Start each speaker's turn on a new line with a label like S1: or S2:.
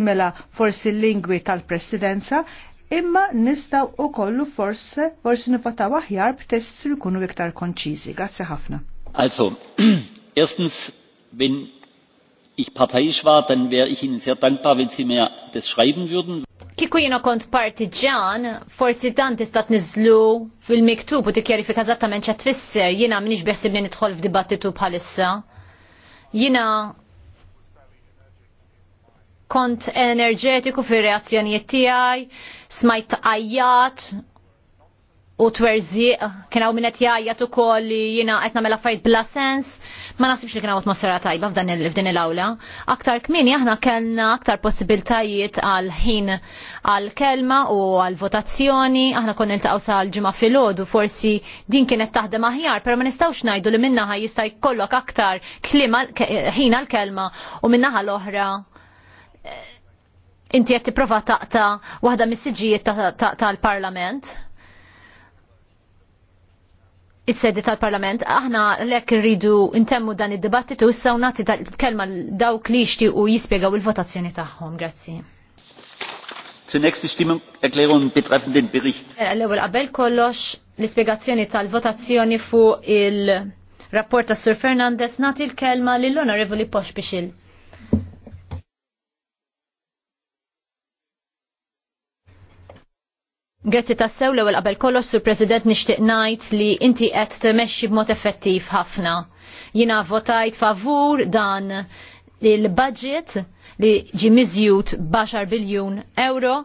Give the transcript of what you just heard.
S1: mela forsi lingwi tal-presidenza, imma nistaw u kollu forse forsi nifotaw aħjar b'test li kunu iktar konċizi. Grazie ħafna. Also, erstens, wenn ich parteiisch war, dann wäre ich Ihnen sehr dankbar, wenn Sie mir das schreiben würden. Kiku jina kont partijan, forsi dan tistat nizlu fil-miktub u tikkjarifika eżattament ċa tfisser jina minix beħsib li f-dibattitu bħalissa. Jina kont enerġetiku fir reazzjonijiet tiegħi, smajt għajjat u twerżieq kien hawn min qed jgħajjat ukoll li jiena qed nagħmel affarijiet bla sens, ma nasibx li kien hawn atmosfera tajba f'dan f'din il-awla. Aktar kmieni aħna kellna aktar possibiltajiet għal ħin għal kelma u għal votazzjoni, aħna konna niltaqgħu sa l-ġimgħa filgħodu forsi din kienet taħdem aħjar, però ma nistgħux ngħidu li minnaħa jista' jkollok aktar klima ħin għal kelma u minnaħa l-oħra inti qed tipprova taqta waħda mis-siġijiet tal-Parlament. Ta Is-sedi tal-Parlament, aħna lek rridu intemmu dan id-dibattitu issa u nagħti kelma dawk li jixtiequ jispjegaw il-votazzjoni tagħhom. Grazzi. Zunächst die Stimmungerklärung betreffend den Bericht. Eh, l-ewwel qabel kollox l-ispjegazzjoni tal-votazzjoni fuq il-rapport tas Sur Fernandez nagħti l-kelma lill-Onorevoli Posh Grazzi tassew l-ewel qabel kollox sur President nixtieq ngħid li inti qed temexxi b'mod effettiv ħafna. Jiena votajt favur dan il-budget li ġi miżjut 10 biljun euro